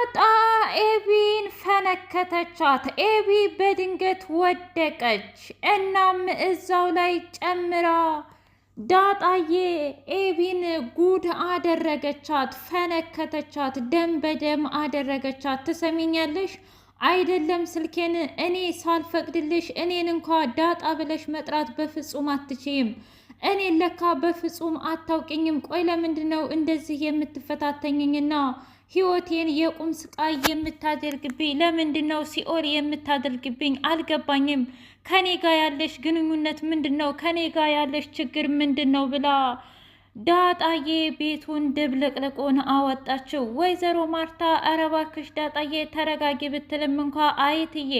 ዳጣ ኤቢን ፈነከተቻት። ኤቢ በድንገት ወደቀች። እናም እዛው ላይ ጨምራ ዳጣዬ ኤቢን ጉድ አደረገቻት፣ ፈነከተቻት፣ ደም በደም አደረገቻት። ትሰሚኛለሽ አይደለም? ስልኬን እኔ ሳልፈቅድልሽ እኔን እንኳ ዳጣ ብለሽ መጥራት በፍጹም አትችይም። እኔ ለካ በፍጹም አታውቅኝም። ቆይ ለምንድን ነው እንደዚህ የምትፈታተኝኝና ህይወቴን የቁም ስቃይ የምታደርግብኝ? ለምንድን ነው ሲኦል የምታደርግብኝ? አልገባኝም። ከኔ ጋር ያለሽ ግንኙነት ምንድን ነው? ከኔ ጋር ያለሽ ችግር ምንድን ነው ብላ ዳጣዬ ቤቱን ድብልቅልቁን አወጣችው። ወይዘሮ ማርታ ኧረ እባክሽ ዳጣዬ ተረጋጊ ብትልም እንኳ አይትዬ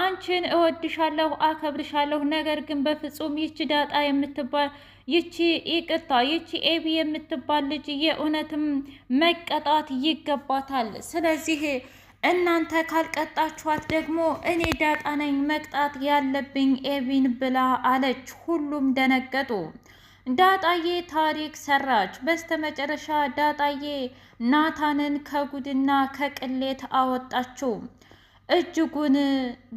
አንቺን እወድሻለሁ፣ አከብርሻለሁ። ነገር ግን በፍጹም ይቺ ዳጣ የምትባል ይቺ ይቅርታ ይቺ ኤቢ የምትባል ልጅ የእውነትም መቀጣት ይገባታል። ስለዚህ እናንተ ካልቀጣችኋት ደግሞ እኔ ዳጣ ነኝ መቅጣት ያለብኝ ኤቢን ብላ አለች። ሁሉም ደነገጡ። ዳጣዬ ታሪክ ሰራች። በስተመጨረሻ ዳጣዬ ናታንን ከጉድና ከቅሌት አወጣችው። እጅጉን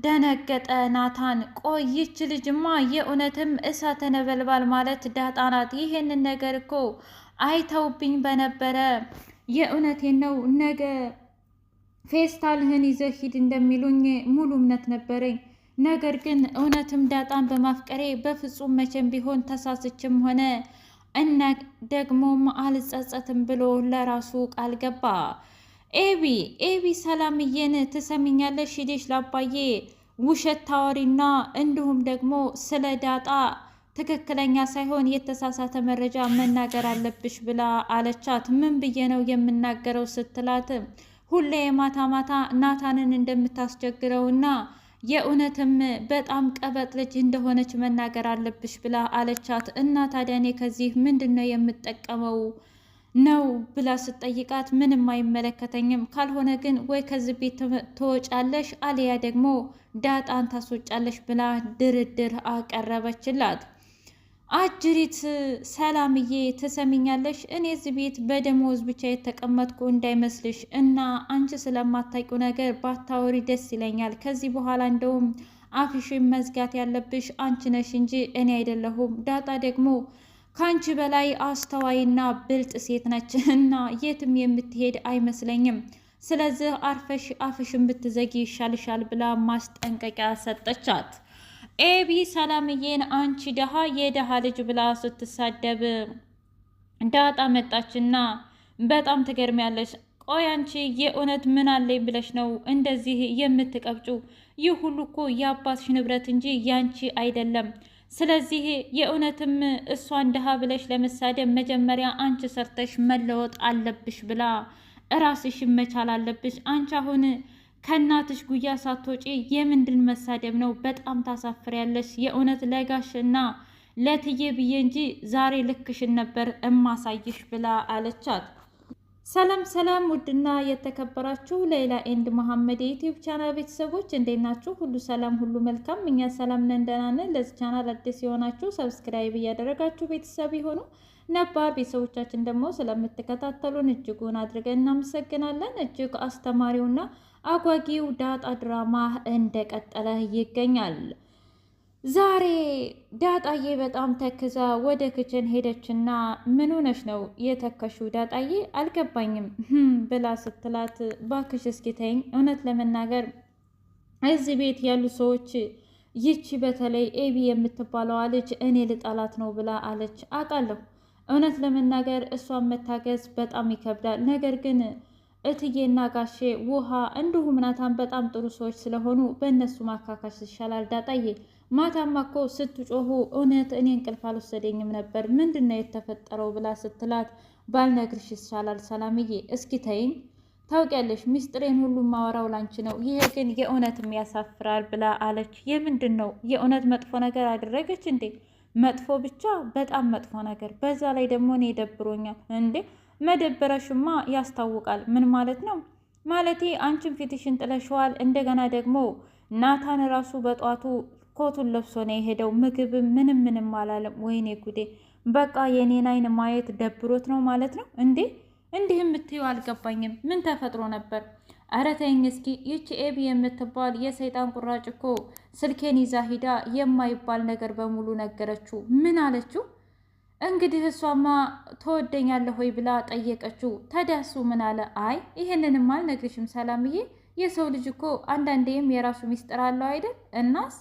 ደነገጠ ናታን። ቆይ ይች ልጅማ የእውነትም እሳተ ነበልባል ማለት ዳጣ ናት። ይሄንን ነገር እኮ አይተውብኝ በነበረ የእውነቴን ነው። ነገ ፌስታልህን ይዘህ ሂድ እንደሚሉኝ ሙሉ እምነት ነበረኝ። ነገር ግን እውነትም ዳጣን በማፍቀሬ በፍጹም መቼም ቢሆን ተሳስችም ሆነ እና ደግሞም አልጸጸትም ብሎ ለራሱ ቃል ገባ። ኤቢ ኤቢ ሰላምዬን ትሰሚኛለሽ? ሂደሽ ላባዬ ውሸት ታዋሪና እንዲሁም ደግሞ ስለ ዳጣ ትክክለኛ ሳይሆን የተሳሳተ መረጃ መናገር አለብሽ ብላ አለቻት። ምን ብዬ ነው የምናገረው ስትላት ሁሌ የማታ ማታ ናታንን እንደምታስቸግረውና የእውነትም በጣም ቀበጥ ልጅ እንደሆነች መናገር አለብሽ ብላ አለቻት። እና ታዲያ እኔ ከዚህ ምንድን ነው የምጠቀመው? ነው ብላ ስትጠይቃት ምንም አይመለከተኝም፣ ካልሆነ ግን ወይ ከዚህ ቤት ትወጫለሽ አሊያ ደግሞ ዳጣን ታስወጫለሽ ብላ ድርድር አቀረበችላት። አጅሪት ሰላምዬ ትሰሚኛለሽ፣ እኔ እዚህ ቤት በደሞዝ ብቻ የተቀመጥኩ እንዳይመስልሽ እና አንቺ ስለማታውቂው ነገር ባታወሪ ደስ ይለኛል። ከዚህ በኋላ እንደውም አፍሽን መዝጋት ያለብሽ አንቺ ነሽ እንጂ እኔ አይደለሁም። ዳጣ ደግሞ ከአንቺ በላይ አስተዋይና ብልጥ ሴት ነች እና የትም የምትሄድ አይመስለኝም። ስለዚህ አርፈሽ አፍሽን ብትዘጊ ይሻልሻል ብላ ማስጠንቀቂያ ሰጠቻት። ኤቢ ሰላምዬን አንቺ ደሃ የደሃ ልጅ ብላ ስትሳደብ ዳጣ መጣችና በጣም ትገርሚያለሽ። ቆይ አንቺ የእውነት ምን አለኝ ብለሽ ነው እንደዚህ የምትቀብጩ? ይህ ሁሉ እኮ የአባትሽ ንብረት እንጂ ያንቺ አይደለም። ስለዚህ የእውነትም እሷን ድሃ ብለሽ ለመሳደብ መጀመሪያ አንቺ ሰርተሽ መለወጥ አለብሽ ብላ እራስሽን መቻል አለብሽ። አንቺ አሁን ከእናትሽ ጉያ ሳትወጪ የምንድን መሳደብ ነው? በጣም ታሳፍሪያለሽ። የእውነት ለጋሽ እና ለትዬ ብዬ እንጂ ዛሬ ልክሽን ነበር እማሳይሽ ብላ አለቻት። ሰላም ሰላም፣ ውድና የተከበራችሁ ሌላ ኤንድ መሐመድ የዩቲዩብ ቻናል ቤተሰቦች እንዴት ናችሁ? ሁሉ ሰላም፣ ሁሉ መልካም። እኛ ሰላም ነን፣ ደህና ነን። ለዚህ ቻናል አዲስ የሆናችሁ ሰብስክራይብ እያደረጋችሁ ቤተሰብ የሆኑ ነባር ቤተሰቦቻችን ደግሞ ስለምትከታተሉን እጅጉን አድርገን እናመሰግናለን። እጅግ አስተማሪውና አጓጊው ዳጣ ድራማ እንደቀጠለ ይገኛል። ዛሬ ዳጣዬ በጣም ተክዛ ወደ ክችን ሄደችና ምን ሆነሽ ነው የተከሹ ዳጣዬ አልገባኝም ብላ ስትላት፣ ባክሽ እስኪተኝ እውነት ለመናገር እዚህ ቤት ያሉ ሰዎች ይቺ በተለይ ኤቢ የምትባለዋ ልጅ እኔ ልጣላት ነው ብላ አለች። አውቃለሁ እውነት ለመናገር እሷን መታገዝ በጣም ይከብዳል። ነገር ግን እትዬና ጋሼ ውሃ እንዲሁም ናታን በጣም ጥሩ ሰዎች ስለሆኑ በእነሱ ማካካሽ ይሻላል ዳጣዬ ማታማ እኮ ስትጮሁ እውነት እኔ እንቅልፍ አልወሰደኝም ነበር፣ ምንድን ነው የተፈጠረው ብላ ስትላት ባልነግርሽ ይሻላል ሰላምዬ፣ እስኪ ተይኝ። ታውቂያለሽ ሚስጥሬን ሁሉ ማወራው ላንቺ ነው፣ ይሄ ግን የእውነትም ያሳፍራል ብላ አለች። የምንድን ነው የእውነት መጥፎ ነገር አደረገች እንዴ? መጥፎ ብቻ በጣም መጥፎ ነገር። በዛ ላይ ደግሞ እኔ ደብሮኛል። እንዴ መደበረሽማ ያስታውቃል። ምን ማለት ነው? ማለቴ አንቺን ፊትሽን ጥለሸዋል። እንደገና ደግሞ ናታን ራሱ በጧቱ ኮቱን ለብሶ ነው የሄደው። ምግብ ምንም ምንም አላለም። ወይኔ ጉዴ! በቃ የኔን አይን ማየት ደብሮት ነው ማለት ነው እንዴ? እንዲህ የምትይው አልገባኝም። ምን ተፈጥሮ ነበር? ኧረ ተይኝ እስኪ። ይቺ ኤቢ የምትባል የሰይጣን ቁራጭ እኮ ስልኬን ይዛ ሂዳ የማይባል ነገር በሙሉ ነገረችው። ምን አለችው? እንግዲህ እሷማ ትወደኛለህ ወይ ብላ ጠየቀችው። ተዳሱ ምን አለ? አይ ይህንንም አልነግርሽም ሰላምዬ፣ የሰው ልጅ እኮ አንዳንዴም የራሱ ሚስጥር አለው አይደል? እናስ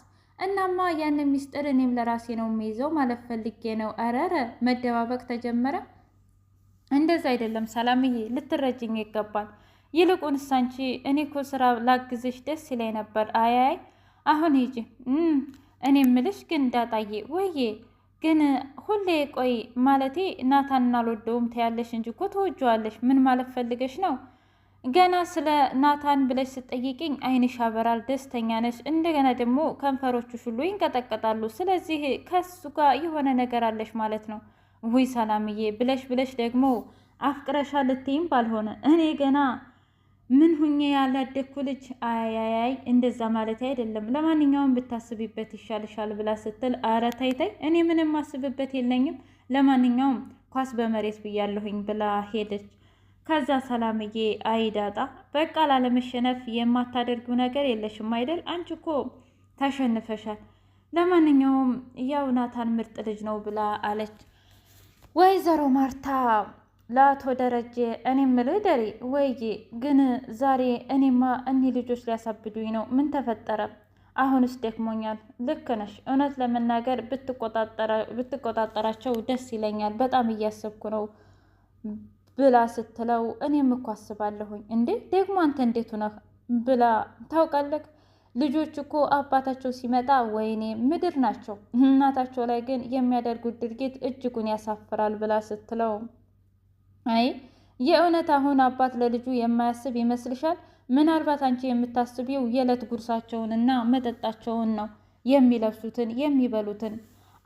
እናማ ያንን ሚስጥር እኔም ለራሴ ነው የሚይዘው ማለት ፈልጌ ነው። አረረ መደባበቅ ተጀመረ። እንደዛ አይደለም ሰላምዬ፣ ልትረጅኝ ይገባል። ይልቁንስ አንቺ እኔ እኮ ስራ ላግዝሽ ደስ ይላይ ነበር። አያይ አሁን ሂጂ። እኔ ምልሽ ግን ዳጣዬ፣ ወዬ ግን ሁሌ ቆይ ማለቴ ናታን አልወደውም ትያለሽ እንጂ እኮ ትወጂዋለሽ። ምን ማለት ፈልገሽ ነው? ገና ስለ ናታን ብለሽ ስጠይቅኝ አይንሽ ያበራል፣ ደስተኛ ነሽ። እንደገና ደግሞ ከንፈሮቹ ሁሉ ይንቀጠቀጣሉ። ስለዚህ ከሱ ጋር የሆነ ነገር አለሽ ማለት ነው። ውይ ሰላምዬ፣ ብለሽ ብለሽ ደግሞ አፍቅረሻ ልትይም ባልሆነ እኔ ገና ምን ሁኜ ያላደግኩ ልጅ። አያያይ እንደዛ ማለት አይደለም። ለማንኛውም ብታስቢበት ይሻልሻል ብላ ስትል፣ አረ ተይ ተይ፣ እኔ ምንም ማስብበት የለኝም። ለማንኛውም ኳስ በመሬት ብያለሁኝ ብላ ሄደች። ከዛ ሰላምዬ አይዳጣ በቃ ላለመሸነፍ የማታደርጊው ነገር የለሽም አይደል? አንቺ እኮ ተሸንፈሻል። ለማንኛውም ያው ናታን ምርጥ ልጅ ነው ብላ አለች ወይዘሮ ማርታ ለአቶ ደረጀ። እኔ የምልህ ደሬ፣ ወይ ግን ዛሬ እኔማ እኒህ ልጆች ሊያሳብዱኝ ነው። ምን ተፈጠረ? አሁንስ ደክሞኛል። ልክ ነሽ። እውነት ለመናገር ብትቆጣጠራቸው ደስ ይለኛል። በጣም እያሰብኩ ነው ብላ ስትለው እኔም እኮ አስባለሁኝ እንዴ ደግሞ አንተ እንዴት ነህ ብላ ታውቃለህ። ልጆች እኮ አባታቸው ሲመጣ ወይኔ ምድር ናቸው፣ እናታቸው ላይ ግን የሚያደርጉት ድርጊት እጅጉን ያሳፍራል ብላ ስትለው አይ የእውነት አሁን አባት ለልጁ የማያስብ ይመስልሻል? ምናልባት አንቺ የምታስቢው የዕለት ጉርሳቸውንና መጠጣቸውን ነው የሚለብሱትን የሚበሉትን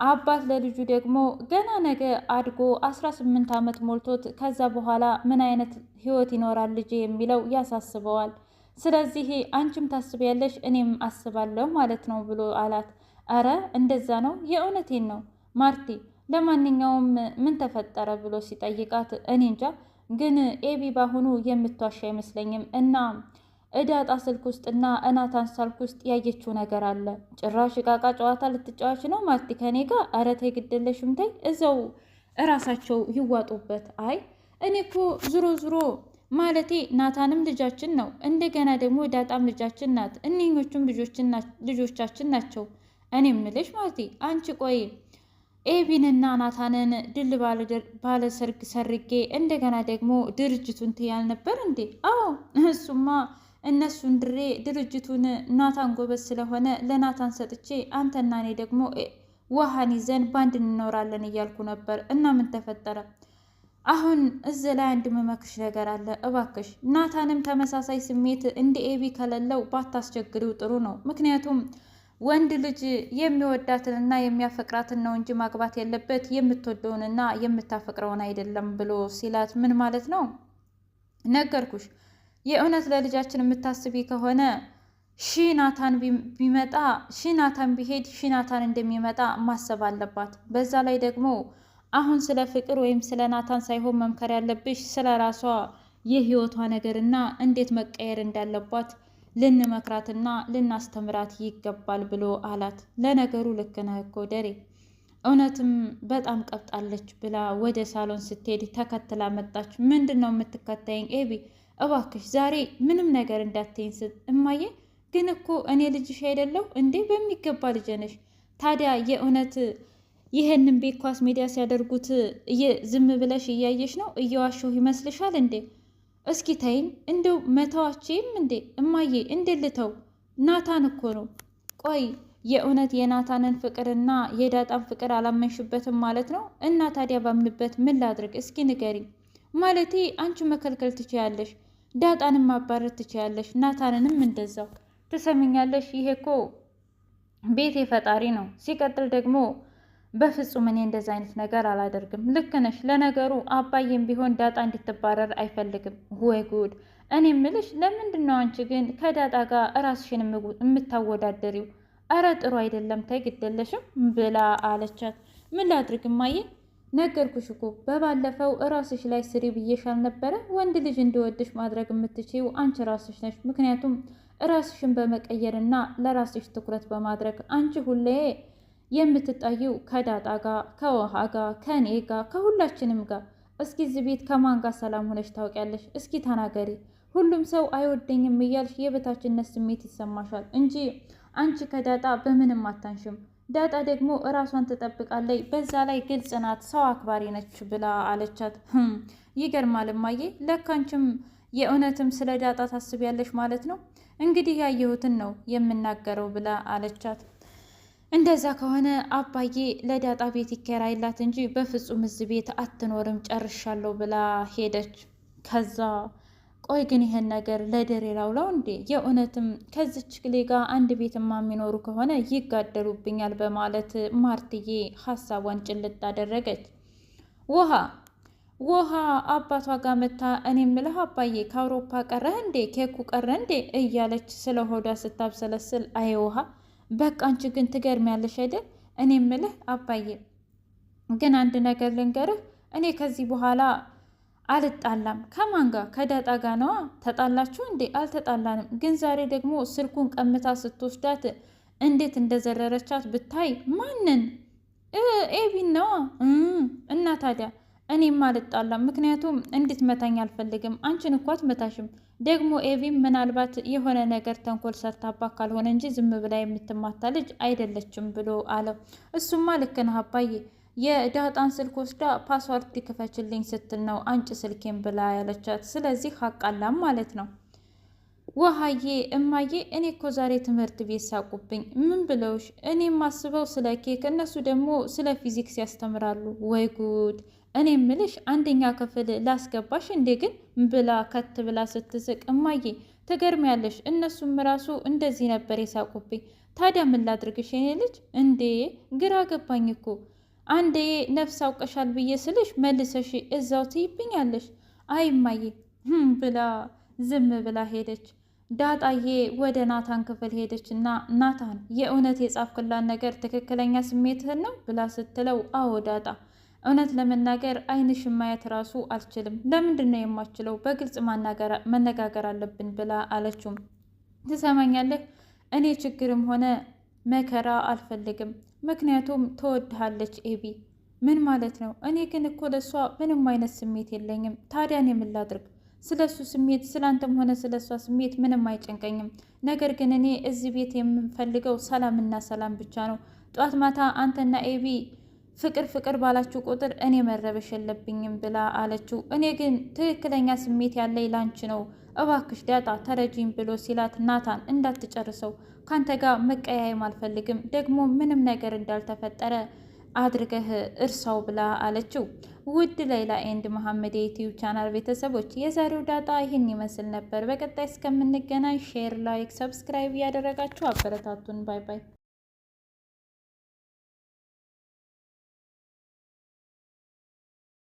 አባት ለልጁ ደግሞ ገና ነገ አድጎ 18 ዓመት ሞልቶት ከዛ በኋላ ምን አይነት ህይወት ይኖራል ልጄ የሚለው ያሳስበዋል። ስለዚህ አንቺም ታስቢያለሽ እኔም አስባለሁ ማለት ነው ብሎ አላት። አረ እንደዛ ነው የእውነቴን ነው ማርቲ፣ ለማንኛውም ምን ተፈጠረ ብሎ ሲጠይቃት እኔ እንጃ ግን ኤቢ ባሁኑ የምትዋሻ አይመስለኝም እና እዳጣ ስልክ ውስጥና እናታን ሳልክ ውስጥ ያየችው ነገር አለ። ጭራሽ እቃቃ ጨዋታ ልትጫዋች ነው ማለት ከኔ ጋር ኧረ ተይ ግድለሽም ተይ፣ እዛው እራሳቸው ይዋጡበት። አይ እኔ እኮ ዝሮ ዝሮ ማለቴ ናታንም ልጃችን ነው፣ እንደገና ደግሞ ዳጣም ልጃችን ናት። እኒኞቹም ልጆቻችን ናቸው። እኔ ምልሽ ማለት አንቺ ቆይ ኤቢንና ናታንን ድል ባለሰርግ ሰርጌ እንደገና ደግሞ ድርጅቱን ትያል ነበር እንዴ? አዎ እሱማ እነሱን ድሬ ድርጅቱን ናታን ጎበዝ ስለሆነ ለናታን ሰጥቼ አንተና እኔ ደግሞ ውሃን ይዘን ባንድ እንኖራለን እያልኩ ነበር እና ምን ተፈጠረ? አሁን እዚ ላይ አንድ መመክሽ ነገር አለ። እባክሽ ናታንም ተመሳሳይ ስሜት እንደ ኤቢ ከሌለው ባታስቸግሪው ጥሩ ነው። ምክንያቱም ወንድ ልጅ የሚወዳትንና የሚያፈቅራትን ነው እንጂ ማግባት ያለበት የምትወደውንና የምታፈቅረውን አይደለም ብሎ ሲላት ምን ማለት ነው? ነገርኩሽ የእውነት ለልጃችን የምታስቢ ከሆነ ሺናታን ቢመጣ ሺናታን ቢሄድ ሺናታን እንደሚመጣ ማሰብ አለባት። በዛ ላይ ደግሞ አሁን ስለ ፍቅር ወይም ስለ ናታን ሳይሆን መምከር ያለብሽ ስለ ራሷ የህይወቷ ነገርና እንዴት መቀየር እንዳለባት ልንመክራትና ልናስተምራት ይገባል ብሎ አላት። ለነገሩ ልክ ነህ እኮ ደሬ፣ እውነትም በጣም ቀብጣለች ብላ ወደ ሳሎን ስትሄድ ተከትላ መጣች። ምንድን ነው የምትከታይኝ ኤቢ? እባክሽ ዛሬ ምንም ነገር እንዳትይኝ ስል እማዬ ግን እኮ እኔ ልጅሽ አይደለሁ እንዴ? በሚገባ ልጄ ነሽ። ታዲያ የእውነት ይህንን ቤት ኳስ ሜዳ ሲያደርጉት ዝም ብለሽ እያየሽ ነው? እየዋሸሁ ይመስልሻል እንዴ? እስኪ ተይኝ። እንደው መተዋችም እንዴ? እማዬ እንዴት ልተው? ናታን እኮ ነው። ቆይ የእውነት የናታንን ፍቅርና የዳጣን ፍቅር አላመንሽበትም ማለት ነው? እና ታዲያ ባምንበት ምን ላድርግ? እስኪ ንገሪ ማለቴ አንቺ መከልከል ትችያለሽ ዳጣንም ማባረር ትችያለሽ፣ ናታንንም እንደዛው። ትሰምኛለሽ? ይሄ እኮ ቤት የፈጣሪ ነው። ሲቀጥል ደግሞ በፍጹም እኔ እንደዚ አይነት ነገር አላደርግም። ልክ ነሽ። ለነገሩ አባዬም ቢሆን ዳጣ እንድትባረር አይፈልግም። ወይ ጉድ! እኔ ምልሽ ለምንድን ነው አንቺ ግን ከዳጣ ጋር እራስሽን የምታወዳደሪው? እረ ጥሩ አይደለም፣ ተይ ብላ አለቻት። ምን ላድርግ እማዬ ነገርኩሽ እኮ በባለፈው እራስሽ ላይ ስሪ ብዬሽ አልነበረ? ወንድ ልጅ እንዲወድሽ ማድረግ የምትችይው አንቺ ራስሽ ነሽ። ምክንያቱም ራስሽን በመቀየርና ለራስሽ ትኩረት በማድረግ አንቺ ሁሌ የምትታዩው ከዳጣ ጋር፣ ከውሃ ጋር፣ ከእኔ ጋር፣ ከሁላችንም ጋር። እስኪ እዚህ ቤት ከማን ጋር ሰላም ሆነሽ ታውቂያለሽ? እስኪ ተናገሪ። ሁሉም ሰው አይወደኝም እያልሽ የበታችነት ስሜት ይሰማሻል እንጂ አንቺ ከዳጣ በምንም አታንሽም። ዳጣ ደግሞ እራሷን ትጠብቃለች፣ በዛ ላይ ግልጽ ናት፣ ሰው አክባሪ ነች ብላ አለቻት። ይገርማል እማዬ፣ ለካንችም የእውነትም ስለ ዳጣ ታስቢያለሽ ማለት ነው። እንግዲህ ያየሁትን ነው የምናገረው ብላ አለቻት። እንደዛ ከሆነ አባዬ ለዳጣ ቤት ይከራይላት እንጂ በፍጹም እዚህ ቤት አትኖርም፣ ጨርሻለሁ ብላ ሄደች። ከዛ ቆይ ግን ይሄን ነገር ለደሬ ላውላው እንዴ? የእውነትም ከዚች ክሌ ጋር አንድ ቤትማ የሚኖሩ ከሆነ ይጋደሉብኛል በማለት ማርትዬ ሀሳቧን ጭልጥ አደረገች። ውሃ ውሃ አባቷ ጋር መታ እኔ ምልህ አባዬ ከአውሮፓ ቀረህ እንዴ? ኬኩ ቀረ እንዴ? እያለች ስለ ሆዷ ስታብሰለስል፣ አይ ውሃ በቃ አንቺ ግን ትገርሚያለሽ አይደል? እኔ ምልህ አባዬ ግን አንድ ነገር ልንገርህ እኔ ከዚህ በኋላ አልጣላም። ከማን ጋር? ከዳጣ ጋ ነዋ። ተጣላችሁ እንዴ? አልተጣላንም። ግን ዛሬ ደግሞ ስልኩን ቀምታ ስትወስዳት እንዴት እንደዘረረቻት ብታይ። ማንን? ኤቢን ነዋ። እና ታዲያ እኔም አልጣላም። ምክንያቱም እንድትመታኝ አልፈልግም። አንቺን እኮ አትመታሽም። ደግሞ ኤቪም ምናልባት የሆነ ነገር ተንኮል ሰርታባ ካልሆነ እንጂ ዝም ብላ የምትማታ ልጅ አይደለችም ብሎ አለው። እሱማ ልክ ነህ አባዬ የዳጣን ስልክ ወስዳ ፓስዋርድ ክፈችልኝ ስትል ነው አንጭ ስልኬን ብላ ያለቻት። ስለዚህ አቃላም ማለት ነው። ውሃዬ እማዬ፣ እኔ እኮ ዛሬ ትምህርት ቤት ሳቁብኝ። ምን ብለውሽ? እኔ የማስበው ስለ ኬክ፣ እነሱ ደግሞ ስለ ፊዚክስ ያስተምራሉ። ወይ ጉድ! እኔ ምልሽ አንደኛ ክፍል ላስገባሽ እንዴ? ግን ብላ ከት ብላ ስትስቅ፣ እማዬ ትገርሚያለሽ። እነሱም ራሱ እንደዚህ ነበር የሳቁብኝ። ታዲያ ምን ላድርግሽ የኔ ልጅ? እንዴ ግራ ገባኝ እኮ አንዴ ነፍስ አውቀሻል ብዬ ስልሽ መልሰሽ እዛው ትይብኛለሽ። አይማዬ ብላ ዝም ብላ ሄደች። ዳጣዬ ወደ ናታን ክፍል ሄደች እና ናታን የእውነት ክላን ነገር ትክክለኛ ስሜትህን ነው ብላ ስትለው፣ አዎ ዳጣ፣ እውነት ለመናገር አይን ማየት ራሱ አልችልም። ለምንድን ነው የማችለው? በግልጽ መነጋገር አለብን ብላ አለችውም። ትሰማኛለህ እኔ ችግርም ሆነ መከራ አልፈልግም። ምክንያቱም ተወድሃለች ኤቢ። ምን ማለት ነው? እኔ ግን እኮ ለእሷ ምንም አይነት ስሜት የለኝም። ታዲያን የምላድርግ? ስለ እሱ ስሜት ስላንተም ሆነ ስለ እሷ ስሜት ምንም አይጨንቀኝም። ነገር ግን እኔ እዚህ ቤት የምንፈልገው ሰላምና ሰላም ብቻ ነው። ጧት ማታ አንተና ኤቢ ፍቅር ፍቅር ባላችሁ ቁጥር እኔ መረበሽ የለብኝም ብላ አለችው። እኔ ግን ትክክለኛ ስሜት ያለኝ ላንቺ ነው እባክሽ ዳጣ ተረጂኝ ብሎ ሲላት ናታን እንዳትጨርሰው ካንተ ጋር መቀያየም አልፈልግም፣ ደግሞ ምንም ነገር እንዳልተፈጠረ አድርገህ እርሳው ብላ አለችው። ውድ ሌላ ኤንድ መሐመድ የዩቲዩብ ቻናል ቤተሰቦች የዛሬው ዳጣ ይህን ይመስል ነበር። በቀጣይ እስከምንገናኝ ሼር፣ ላይክ፣ ሰብስክራይብ እያደረጋችሁ አበረታቱን። ባይ ባይ።